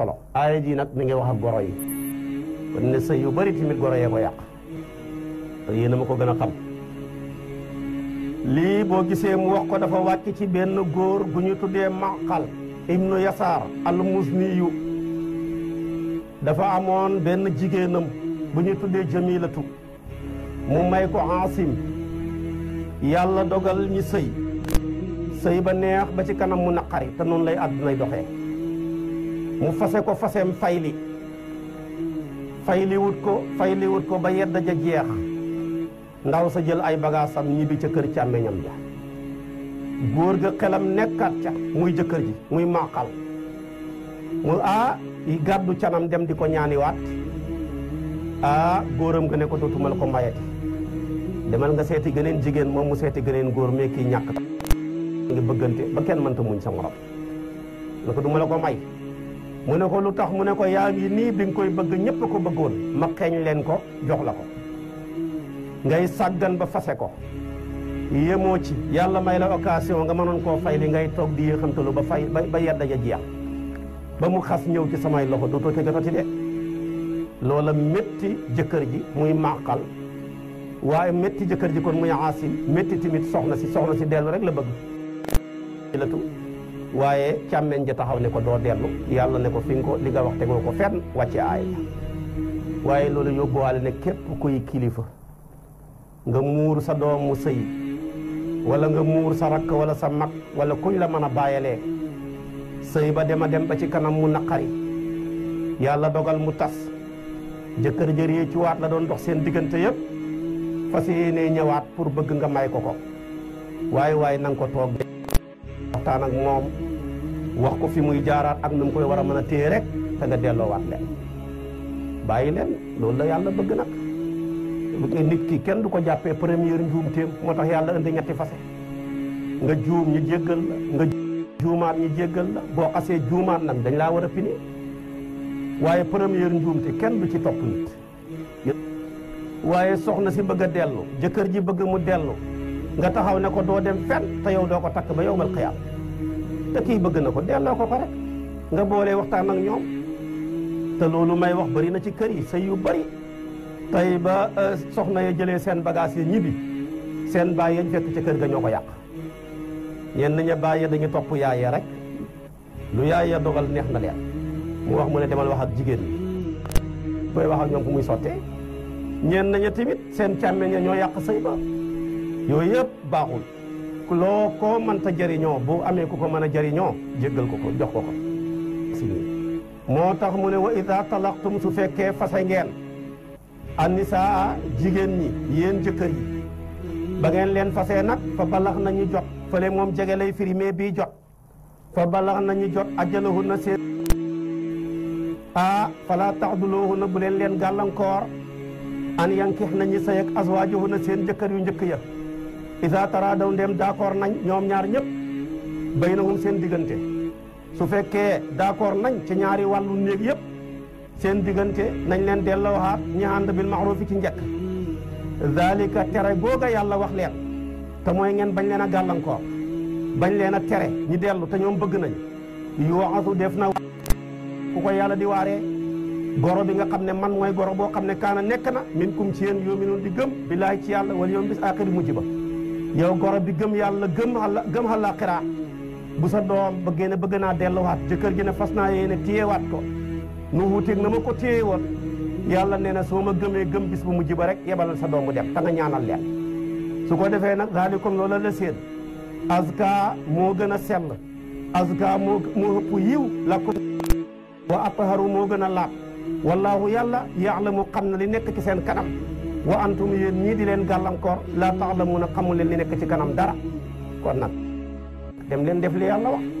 solo aaya ji nag mi ngi wax a goro yi kon ne sëy yu bari tamit goro yee ko yàq te yéen gën a xam lii boo gisee mu wax ko dafa wàcc ci benn góor gu ñu tuddee mànqal ibnu yasaar al musniyu dafa amoon benn jigéenam bu ñu tuddee jamilatu mu may ko asim yàlla dogal ñi sëy sëy ba neex ba ci kanam mu naqari te noonu lay àddunay doxee mu fase ko faseem fayli fayli ko fayli ko ba yedd ja jeex ndaw sa jël ay bagaasam ñibbi ca kër càmmeñam ja góor ga jëkkër ji muy màqal mu a gàddu canam dem di ko ñaaniwaat a góoram nga ne ko dootuma la ko mayati demal nga seeti gëneen jigéen moom mu seeti gëneen góor mee kii ñàkk ngi bëggante ba kenn mënta muñ sa morom na ko duma la ko may mu ne ko lu tax mu ne ko yaa ngi nii bi nga koy bëgg ñëpp ko bëggoon ma xeeñ leen ko jox la ko ngay sàggan ba fase ko yéemoo ci yàlla may la occasion nga mënoon koo fay li ngay toog di yéexantalu ba fay ba yedda ja jeex ba mu xas ñëw ci samay loxo dootoo ca jotati de loola metti jëkkër ji muy màqal waaye metti jëkkër ji kon muy aasim métti tamit soxna si soxna si dellu rek la bëgg waaye càmmeñ ja taxaw ne ko doo dellu yàlla ne ko fi nga ko li nga wax tegoo ko fenn wàcce aay waaye loolu yóbbuwaale ne képp kuy kilifa nga muur sa doom mu sëy wala nga muur sa rakk wala sa mag wala kuñ la mën a bàyyalee sëy ba dem a dem ba ci kanam mu naqari yàlla dogal mu tas jëkkër jëree ci waat la doon dox seen diggante yëpp fas ne ñëwaat pour bëgg nga may ko ko waaye waaye nanga ko toog waxtaan ak moom wax ko fi muy jaaraat ak nu mu koy war a mën a téye rek te nga delloowaat leen bàyyi leen loolu la yàlla bëgg nag bu nit ki kenn du ko jàppee première njuumteem moo tax yàlla indi ñetti fase nga juum ñu jéggal la nga juumaat ñu jéggal la boo xasee juumaat nag dañ laa war a pini waaye première njuumte kenn du ci topp nit waaye soxna si bëgg a dellu jëkkër ji bëgg mu dellu nga taxaw ne ko doo dem fenn te yow doo ko takk ba yow mal xiyaam te kii bëgg na ko delloo ko ko rek nga boolee waxtaan ak ñoom te loolu may wax bari na ci kër yi sëy yu bari tey ba euh, soxna ya jëlee seen bagage yi ñibbi seen baay yañ fekk ci kër ga ñoo ko yàq ñenn ña baay ya dañu topp yaay rek lu yaay ya dogal neex na leen mu wax mu ne demal wax ak jigéen ñi booy wax ak ñoom fu muy sottee ñenn ña tamit seen càmmeñ ñoo yàq sëy ba yooyu yëpp baaxul loo ko koo mënta jëriñoo bu amee ko ko mën a jariñoo jéggal ko ko jox ko ko moo tax mu ne wa ida talaqtum su fekkee fase ngeen a jigéen ñi yéen jëkkër yi ba ngeen leen fasee nag fa balax nañu jot fële moom jege lay firi mais bii jot fa balax nañu jot ajalahu na seen a fala taxduloohu na bu leen leen gàllankoor an yankix nañu sayeg aswaajuhu na seen jëkkër yu njëkk ya isa taraadaw ndem d'accord nañ ñoom ñaar ñëpp bay na hum seen diggante su fekkee d'accord nañ ci ñaari wàllu néeg yëpp seen diggante nañ leen delloo delloowaat ñi ànd bil ma'rufi ci njëkk zalika tere googa yàlla wax leen te mooy ngeen bañ leen a gàllankoor bañ leen a tere ñi dellu te ñoom bëgg nañ yoxasu def na ku ko yàlla di waaree goro bi nga xam ne man mooy goro boo xam ne kaana nekk na min kum ci yéen yoomi noonu di gëm billaahi ci yàlla wala yoom bis aaxiri mujj ba yow goro bi gëm yàlla gëm ala gëm àllaaxira bu sa doom bëggee ne bëgg naa delluwaat jëkkër ji ne fas naa yéene téyewaat ko nu wuuteeg na ma ko téye woon yàlla nee na soo ma gëmee gëm bis bu mu ba rek yebalal sa doom dem ta nga ñaanal leen su ko defee nag daal di loola la seen azka moo gën a sell azka moo moo ëpp yiw lakum wa atharu moo gën a laab wallaahu yàlla yaalamu xam na li nekk ci seen kanam wa antum yéen ñii di leen gàllankoor laa taxlamuuna xamu leen li nekk ci kanam dara kon nag dem leen def li yàlla